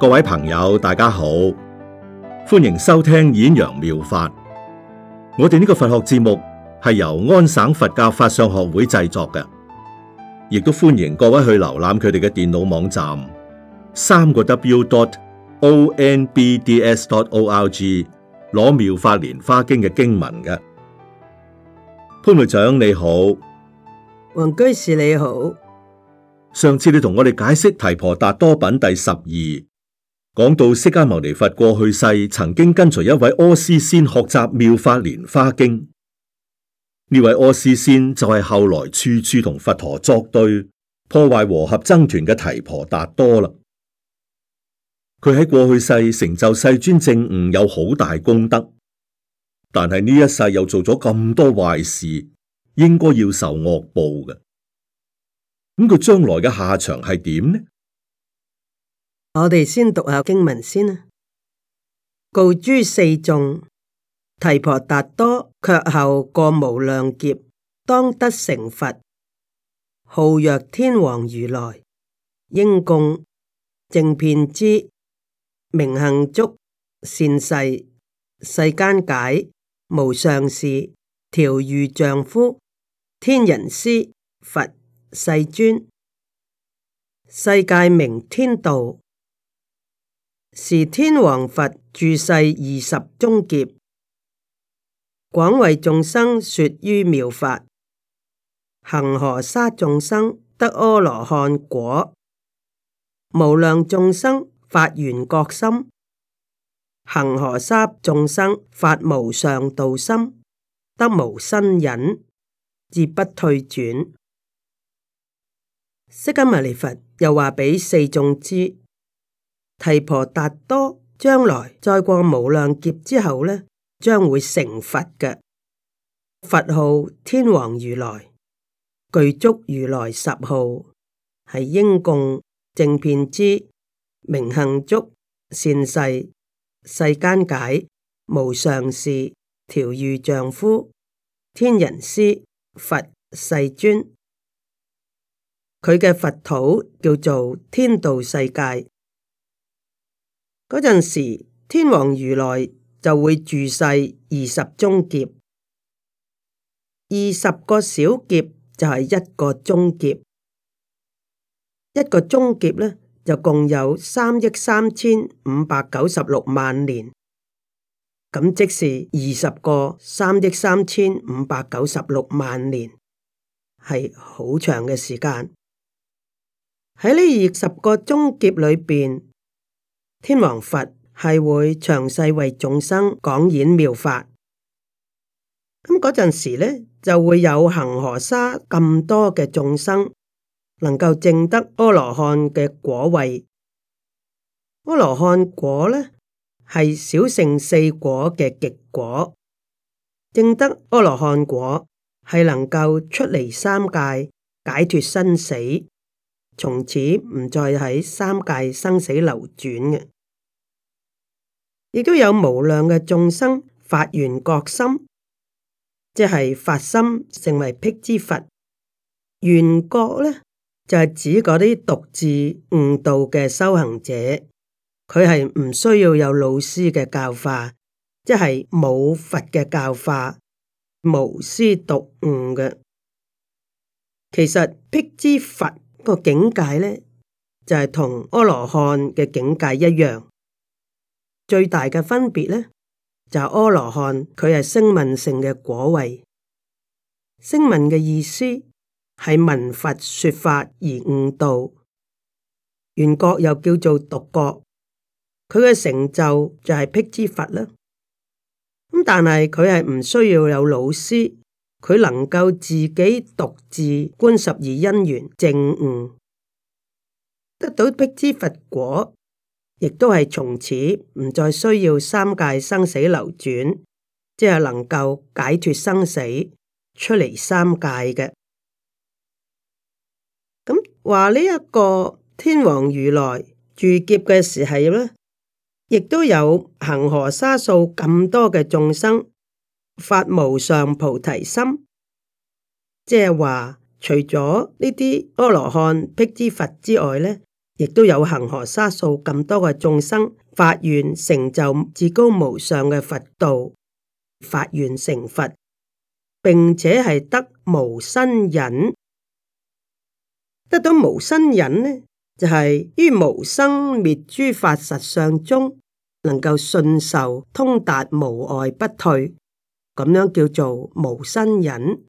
各位朋友，大家好，歡迎收聽演揚妙，妙法。我哋呢個佛學節目係由安省佛教法相學會製作嘅，亦都歡迎各位去瀏覽佢哋嘅電腦網站三個 w dot o n b d s dot o r g，攞妙法蓮花經嘅經文嘅。潘會長你好，黃居士你好。上次你同我哋解釋提婆達多品第十二。講到釋迦牟尼佛過去世，曾經跟隨一位阿私仙學習《妙法蓮華經》，呢位阿私仙就係後來處處同佛陀作對、破壞和合僧團嘅提婆達多啦。佢喺過去世成就世尊正悟有好大功德，但係呢一世又做咗咁多壞事，應該要受惡報嘅。咁佢將來嘅下場係點呢？我哋先讀下經文先啊！告諸四眾：提婆達多卻後過無量劫，當得成佛，號若天王如來，應供正遍知、明行足、善逝，世間解、無上士、調御丈夫、天人師、佛世尊。世界名天道。時天王佛住世二十中劫，廣為眾生說於妙法，恆河沙眾生得阿羅漢果，無量眾生發緣覺心，恆河沙眾生發無上道心，得無生忍，絕不退轉。釋迦牟尼佛又話俾四眾知。提婆達多將來再過無量劫之後呢，將會成佛嘅。佛號天王如來、具足如來十號，係應供、正遍知、明行足、善逝、世間解、無上士、調御丈夫、天人師、佛世尊。佢嘅佛土叫做天道世界。嗰陣時，天王如來就會住世二十中劫，二十個小劫就係一個中劫，一個中劫咧就共有三億三千五百九十六萬年，咁即是二十個三億三千五百九十六萬年，係好長嘅時間。喺呢二十個中劫裏邊。天王佛係會詳細為眾生講演妙法，咁嗰陣時咧就會有恆河沙咁多嘅眾生能夠證得阿羅漢嘅果位。阿羅漢果咧係小乘四果嘅極果，證得阿羅漢果係能夠出嚟三界，解脫生死。從此唔再喺三界生死流轉嘅，亦都有無量嘅眾生發緣覺心，即係發心成為辟支佛。緣覺咧就係、是、指嗰啲獨自悟道嘅修行者，佢係唔需要有老師嘅教化，即係冇佛嘅教化，無師獨悟嘅。其實辟支佛個境界咧就係、是、同阿羅漢嘅境界一樣，最大嘅分別咧就係、是、阿羅漢佢係聲聞乘嘅果位，聲聞嘅意思係聞佛法說法而悟道，緣覺又叫做獨覺，佢嘅成就就係辟支佛啦。咁但係佢係唔需要有老師。佢能夠自己獨自觀十二因緣正悟，得到辟支佛果，亦都係從此唔再需要三界生死流轉，即係能夠解脫生死出嚟三界嘅。咁話呢一個天王如來住劫嘅時候係咩？亦都有恒河沙數咁多嘅眾生發無上菩提心，即係話除咗呢啲阿羅漢、辟支佛之外呢，亦都有恒河沙數咁多嘅眾生發願成就至高無上嘅佛道，發願成佛，並且係得無身忍，得到無身忍呢，就係、是、於無生滅諸法實相中，能夠信受通達無礙不退。咁樣叫做無生忍，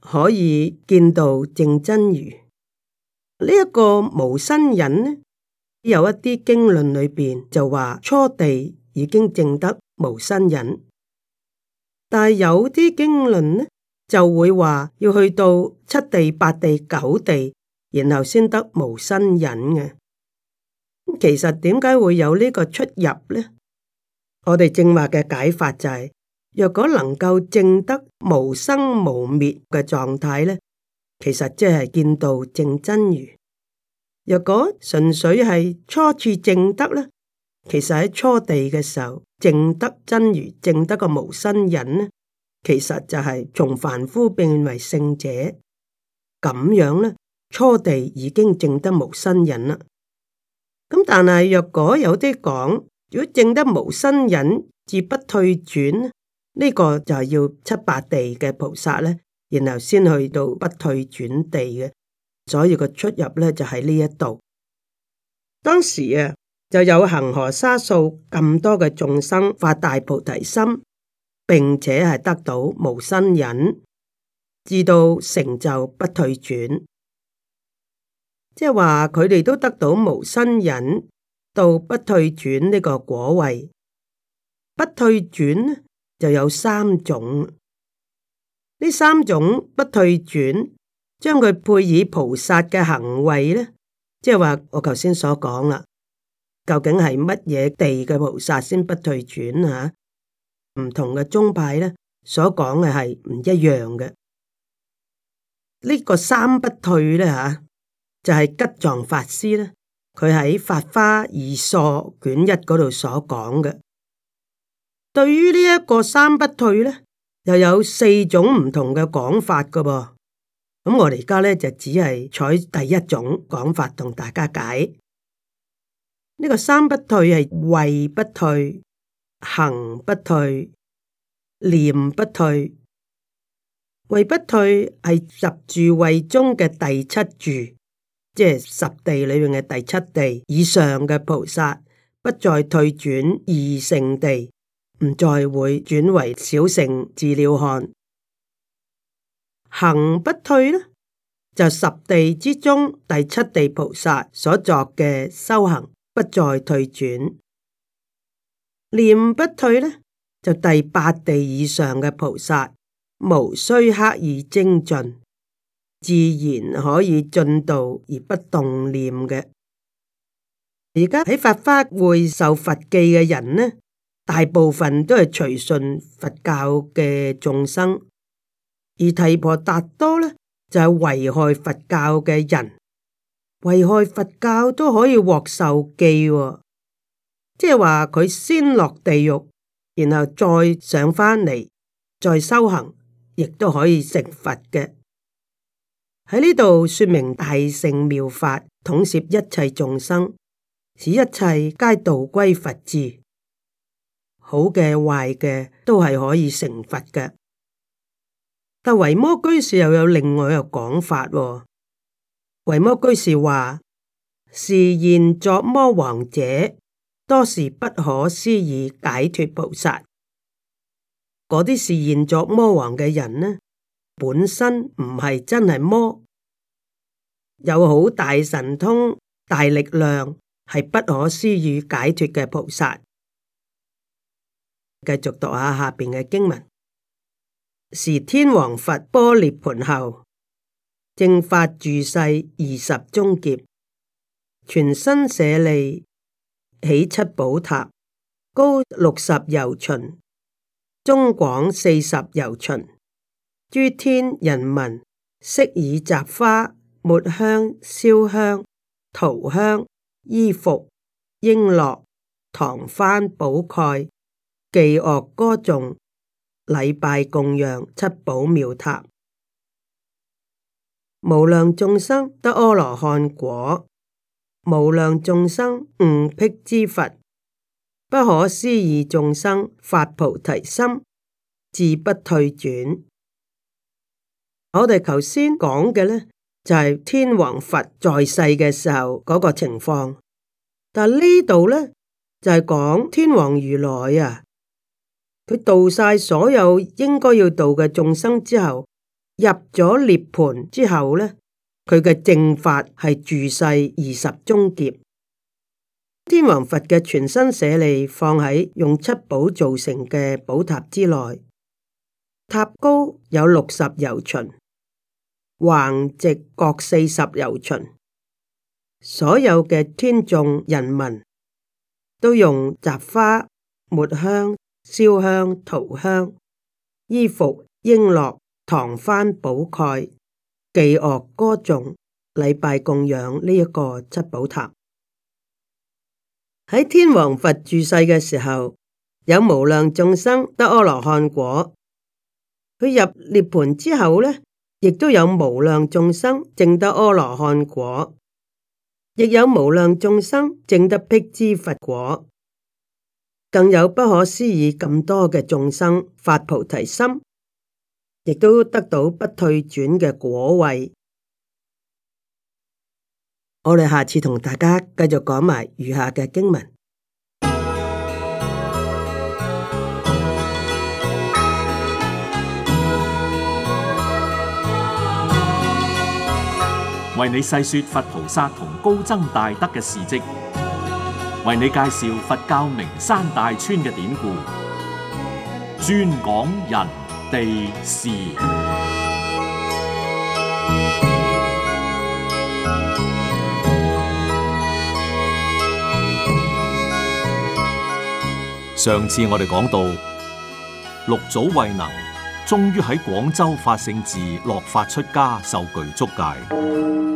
可以見到正真如呢一個無生忍呢？有一啲經論裏邊就話初地已經證得無生忍，但係有啲經論呢就會話要去到七地、八地、九地，然後先得無生忍嘅。其實點解會有呢個出入呢？我哋正話嘅解法就係，若果能夠證得無生無滅嘅狀態呢，其實即係見到正真如。若果純粹係初次證得呢，其實喺初地嘅時候，證得真如，證得個無生忍，呢，其實就係從凡夫變為聖者。咁樣呢，初地已經證得無生忍啦。咁但係若果有啲講，如果證得無生忍，至不退轉。呢個就係要七八地嘅菩薩呢，然後先去到不退轉地嘅，所以個出入呢，就喺呢一度。當時啊，就有恒河沙數咁多嘅眾生發大菩提心，並且係得到無生忍，至到成就不退轉。即係話佢哋都得到無生忍到不退轉呢個果位，不退轉。就有三種，呢三種不退轉，將佢配以菩薩嘅行為咧，即係話我頭先所講啦。究竟係乜嘢地嘅菩薩先不退轉啊？唔同嘅宗派咧，所講嘅係唔一樣嘅。呢、這個三不退咧吓、啊，就係、是、吉藏法師咧，佢喺《法花二疏卷一》嗰度所講嘅。對於呢一個三不退呢，又有四種唔同嘅講法噶噃。咁我哋而家呢，就只係採第一種講法同大家解。呢、這個三不退係位不退、行不退、念不退。位不退係十住位中嘅第七住，即係十地裏面嘅第七地以上嘅菩薩不再退轉二乘地。唔再會轉為小乘自了漢。行不退呢，就十地之中第七地菩薩所作嘅修行不再退轉；念不退呢，就第八地以上嘅菩薩，無需刻意精進，自然可以進度而不動念嘅。而家喺法華會受佛記嘅人呢？大部分都係隨順佛教嘅眾生，而提婆達多呢，就係、是、危害佛教嘅人，危害佛教都可以獲受記，哦，即係話佢先落地獄，然後再上返嚟，再修行，亦都可以成佛嘅。喺呢度說明大乘妙法統攝一切眾生，使一切皆道歸佛智。好嘅，壞嘅都係可以成佛嘅，但維摩居士又有另外一個講法喎。維摩居士話：是現作魔王者，多是不可思議解脫菩薩。嗰啲是現作魔王嘅人呢，本身唔係真係魔，有好大神通、大力量，係不可思議解脫嘅菩薩。繼續讀下下邊嘅經文，時天王佛般涅盤後，正法住世二十中劫，全身舍利起七寶塔，高六十由旬，中廣四十由旬，諸天人民悉以雜花末香燒香塗香衣服瓔珞幢幡寶蓋。記惡歌頌禮拜供養七寶妙塔，無量眾生得阿羅漢果，無量眾生悟辟支佛，不可思議眾生發菩提心，自不退轉。我哋頭先講嘅呢，就係、是、天王佛在世嘅時候嗰個情況，但呢度呢，就係、是、講天王如來啊。佢度晒所有應該要度嘅眾生之後，入咗涅盤之後呢，佢嘅正法係住世二十中劫。天王佛嘅全身舍利放喺用七寶做成嘅寶塔之內，塔高有六十由旬，橫直各四十由旬。所有嘅天眾人民都用雜花抹香，燒香、塗香、衣服、瓔珞、幢幡、寶蓋、伎樂、歌頌、禮拜供養呢一個七寶塔。喺天王佛住世嘅時候，有無量眾生得阿羅漢果。佢入涅盤之後呢，亦都有無量眾生證得阿羅漢果，亦有無量眾生證得辟支佛果。更有不可思議咁多嘅眾生發菩提心，亦都得到不退轉嘅果位。我哋下次同大家繼續講埋餘下嘅經文，為你細說佛菩薩同高僧大德嘅事跡。為你介紹佛教名山大川嘅典故，專講人地事。上次我哋講到六祖慧能，終於喺廣州法性寺落髮出家受，受具足戒。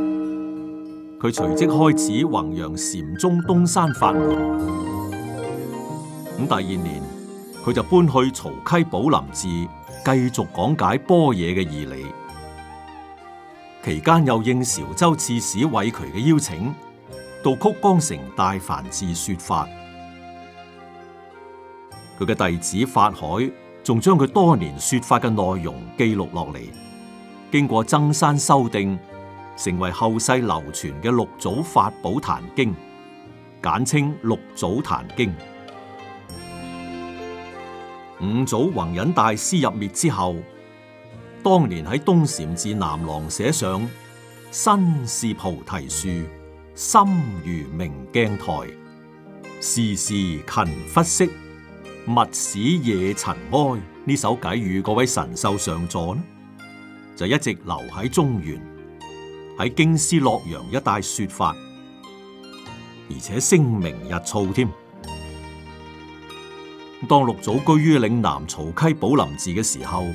佢隨即開始弘揚禪宗東山法門。咁第二年，佢就搬去曹溪寶林寺，繼續講解般若嘅義理。期間又應潮州刺史韋璩嘅邀請，到曲江城大梵寺說法。佢嘅弟子法海仲將佢多年說法嘅內容記錄落嚟，經過增刪修訂。成為後世流傳嘅六祖法寶壇經，簡稱六祖壇經。五祖弘忍大師入滅之後，當年喺東禪寺南廊寫上“身是菩提樹，心如明鏡台，時時勤拂拭，勿使惹塵埃”呢首偈語，嗰位神秀上座呢，就一直留喺中原。喺京師洛陽一帶說法，而且聲名日噪添。當六祖居於嶺南曹溪寶林寺嘅時候，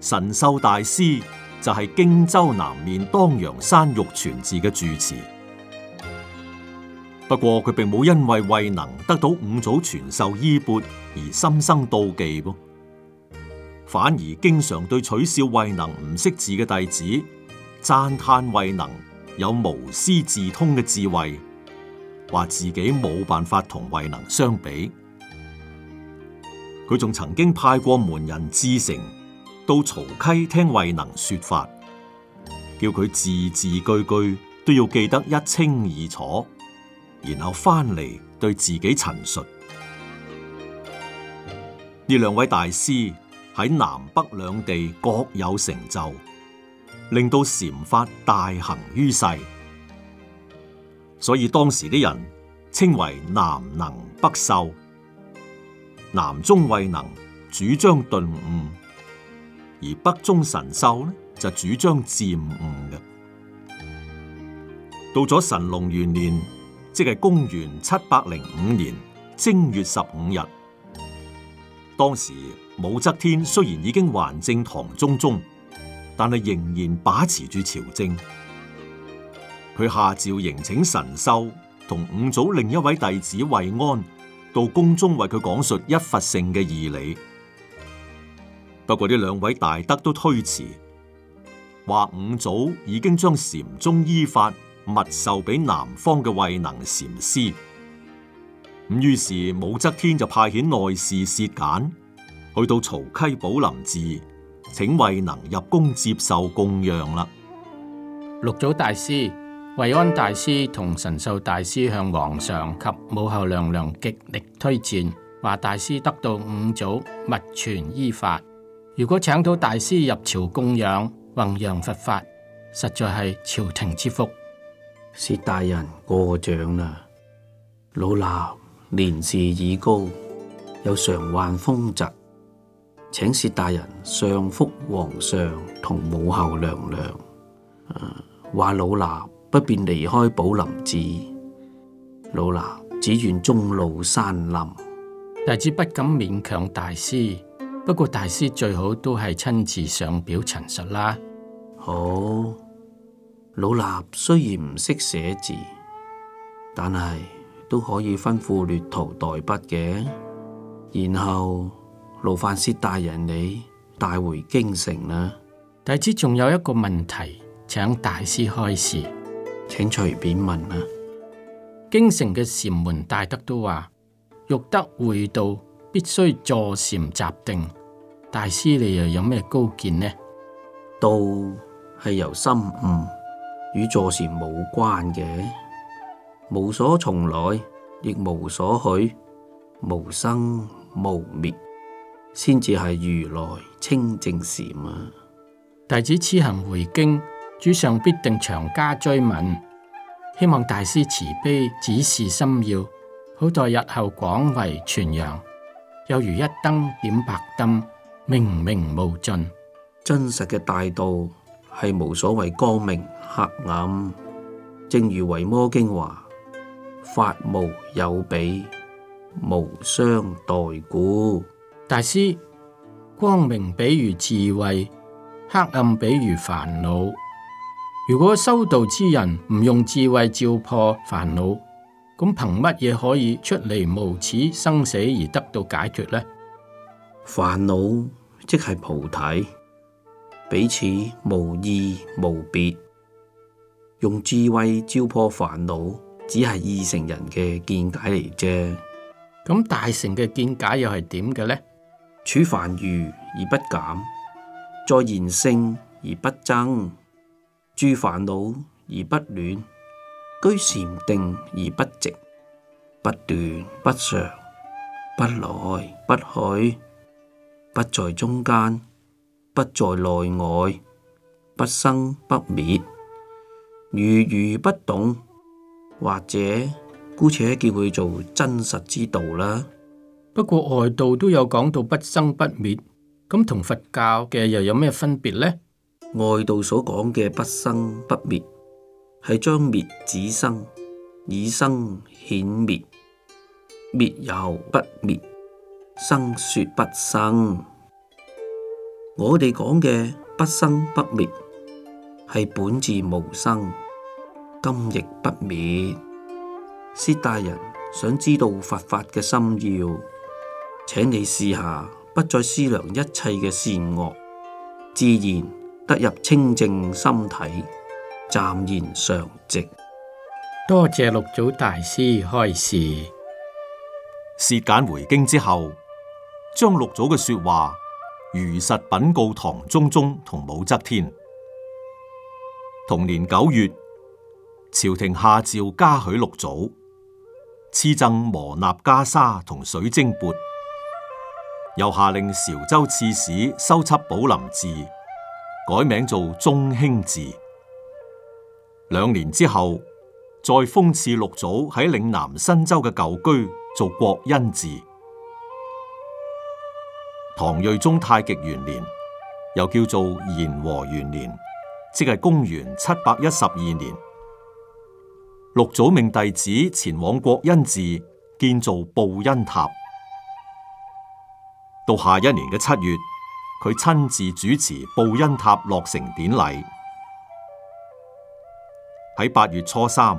神秀大師就係荊州南面當陽山玉泉寺嘅住持。不過佢並冇因為慧能得到五祖傳授衣缽而心生妒忌噃，反而經常對取笑慧能唔識字嘅弟子。讚歎慧能有無師自通嘅智慧，話自己冇辦法同慧能相比。佢仲曾經派過門人志誠到曹溪聽慧能說法，叫佢字字句句都要記得一清二楚，然後翻嚟對自己陳述。呢兩位大師喺南北兩地各有成就。令到禪法大行於世，所以當時啲人稱為南能北秀。南中慧能主張頓悟，而北中神秀呢就主張漸悟。到咗神龍元年，即係公元七百零五年正月十五日，當時武則天雖然已經還政唐中宗。但係仍然把持住朝政，佢下詔迎請神秀同五祖另一位弟子慧安到宮中為佢講述一佛性嘅義理。不過呢兩位大德都推辭，話五祖已經將禪宗衣法密授俾南方嘅慧能禪師。咁於是武則天就派遣內侍薛簡去到曹溪寶林寺。請慧能入宮接受供養啦。六祖大師、惠安大師同神秀大師向皇上及母后娘娘極力推薦，話大師得到五祖密傳依法。如果請到大師入朝供養弘揚佛法，實在係朝廷之福。薛大人過獎啦。老衲年事已高，又常患風疾。請薛大人上覆皇上同母后娘娘，話老衲不便離開寶林寺，老衲只願終老山林。弟子不敢勉強大師，不過大師最好都係親自上表陳述啦。好，老衲雖然唔識寫字，但係都可以吩咐劣徒代筆嘅，然後。勞煩師大人你帶回京城啦，弟子仲有一個問題，請大師開示。請隨便問啦。京城嘅禪門大德都話，欲得會道，必須坐禪習定。大師你又有咩高見呢？道係由心悟，與坐禪無關嘅，無所從來，亦無所去，無生無滅。先至係如來清淨禪啊！弟子此行回京，主上必定長加追問，希望大師慈悲指示心要，好在日後廣為傳揚。有如一燈點百燈，明明無盡。真實嘅大道係無所謂光明黑暗，正如《維摩經》話：法無有比，無相待故。大師，光明比如智慧，黑暗比如煩惱。如果修道之人唔用智慧照破煩惱，咁憑乜嘢可以出離無始生死而得到解決呢？煩惱即係菩提，彼此無異無別。用智慧照破煩惱，只係二乘人嘅見解嚟啫。咁大乘嘅見解又係點嘅呢？處凡愚而不減，在賢聖而不爭，住煩惱而不亂，居禪定而不寂，不斷不常，不來不去，不在中間，不在內外，不生不滅。如如不動，或者姑且叫佢做真實之道啦。不過外道都有講到不生不滅，咁同佛教嘅又有咩分別呢？外道所講嘅不生不滅，係將滅止生，以生顯滅，滅又不滅，生說不生。我哋講嘅不生不滅，係本自無生，今亦不滅。薛大人想知道佛法嘅心要。請你試下不再思量一切嘅善惡，自然得入清淨心體，暫然常寂。多謝六祖大師開示。薛簡回京之後，將六祖嘅說話如實稟告唐中宗同武則天。同年九月，朝廷下詔嘉許六祖，賜贈磨納袈裟同水晶缽。又下令潮州刺史收葺寶林寺，改名做中興寺。兩年之後，再封賜六祖喺嶺南新州嘅舊居做國恩寺。唐睿宗太極元年，又叫做延和元年，即係公元七百一十二年。六祖命弟子前往國恩寺建造報恩塔。到下一年嘅七月，佢親自主持報恩塔落成典禮。喺八月初三，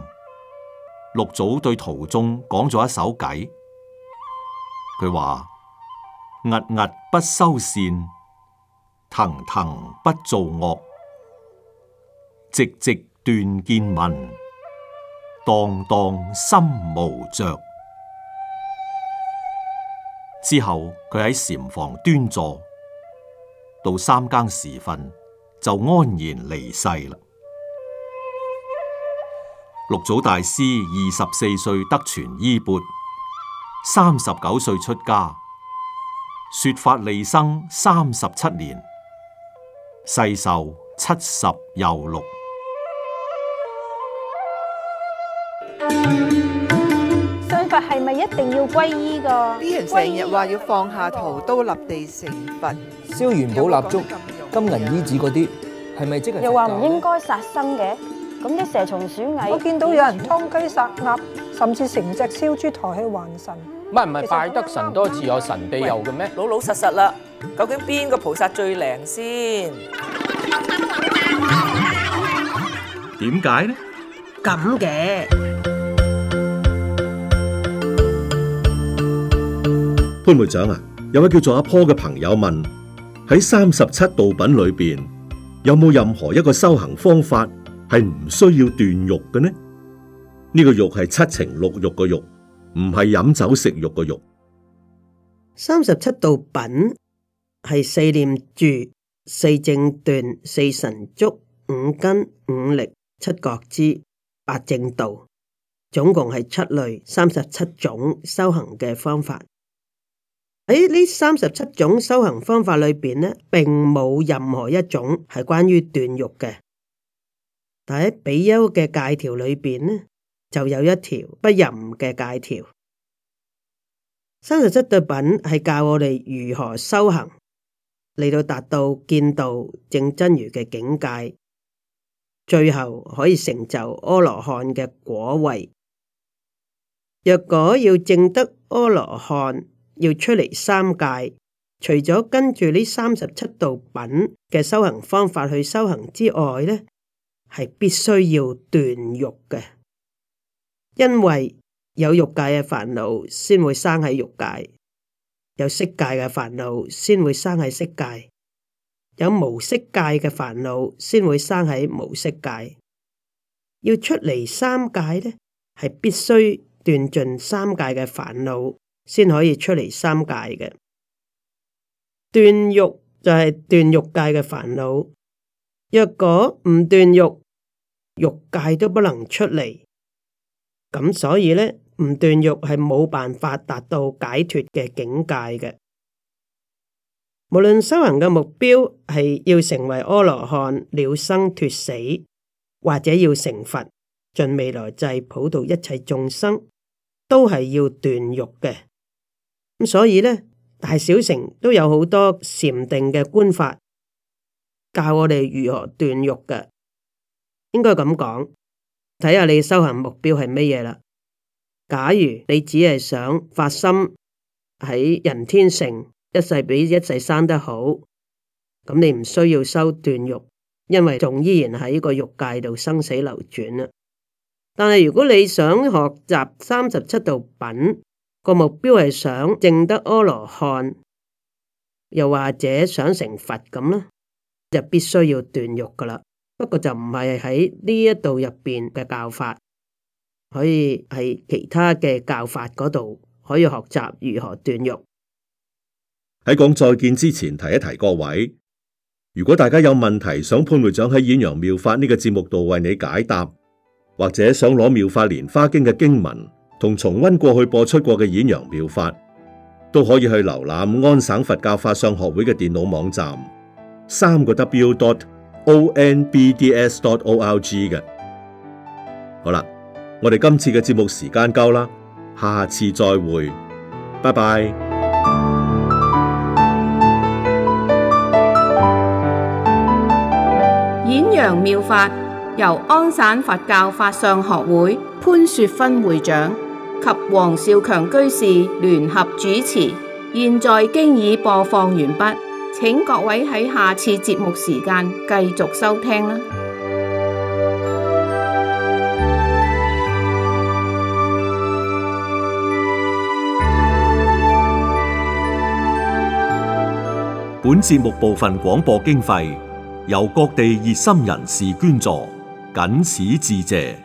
六祖對徒眾講咗一首偈，佢話：兀兀不修善，騰騰不造惡，寂寂斷見聞，蕩蕩心無着。」之後佢喺禪房端坐，到三更時分就安然離世啦。六祖大師二十四歲得傳衣鉢，三十九歲出家，說法利生三十七年，世壽七十又六。係咪一定要皈依噶？啲人成日話要放下屠刀立地成佛，燒元寶蠟燭、金銀衣紙嗰啲，係咪即係？又話唔應該殺生嘅，咁啲蛇蟲鼠蟻，我見到有人劏雞殺鴨，甚至成隻燒豬抬去還神。唔係唔係，拜得神多自有神庇佑嘅咩？老老實實啦，究竟邊個菩薩最靈先？點解呢？咁嘅。潘會長啊，有位叫做阿坡嘅朋友問，喺三十七道品裏邊有冇任何一個修行方法係唔需要斷欲嘅呢？呢個欲係七情六欲嘅欲，唔係飲酒食肉嘅肉。三十七道品係四念住、四正斷、四神足、五根、五力、七覺支、八正道，總共係七類三十七種修行嘅方法。喺呢三十七種修行方法裏邊咧，並冇任何一種係關於斷欲嘅。但喺比丘嘅戒條裏邊咧，就有一條不淫嘅戒條。三十七道品係教我哋如何修行，嚟到達到見到正真如嘅境界，最後可以成就阿羅漢嘅果位。若果要證得阿羅漢，要出嚟三界，除咗跟住呢三十七道品嘅修行方法去修行之外，呢係必須要斷欲嘅，因為有欲界嘅煩惱先會生喺欲界，有色界嘅煩惱先會生喺色界，有無色界嘅煩惱先會生喺無色界。要出嚟三界呢，係必須斷盡三界嘅煩惱。先可以出嚟三界嘅。斷欲就係斷欲界嘅煩惱。若果唔斷欲，欲界都不能出嚟。咁所以咧，唔斷欲係冇辦法達到解脫嘅境界嘅。無論修行嘅目標係要成為阿羅漢了生脫死，或者要成佛，盡未來際普度一切眾生，都係要斷欲嘅。咁所以咧，大小城都有好多禪定嘅觀法，教我哋如何斷欲嘅。應該咁講，睇下你修行目標係咩嘢啦。假如你只係想發心喺人天成一世比一世生得好，咁你唔需要修斷欲，因為仲依然喺呢個欲界度生死流轉啦。但係如果你想學習三十七道品，個目標係想證得阿羅漢，又或者想成佛咁啦，就必須要斷欲噶啦。不過就唔係喺呢一度入邊嘅教法，可以喺其他嘅教法嗰度可以學習如何斷欲。喺講再見之前，提一提各位，如果大家有問題想潘會長喺《演揚妙法》呢個節目度為你解答，或者想攞《妙法蓮花經》嘅經文。同重溫過去播出過嘅演揚妙法，都可以去瀏覽安省佛教法相學會嘅電腦網站，三個 w dot o n b d s dot o l g 嘅。好啦，我哋今次嘅節目時間夠啦，下次再會，拜拜。演揚妙法由安省佛教法相學會潘雪芬會長。及黃少強居士聯合主持，現在經已播放完畢，請各位喺下次節目時間繼續收聽啦。本節目部分廣播經費由各地熱心人士捐助，僅此致謝。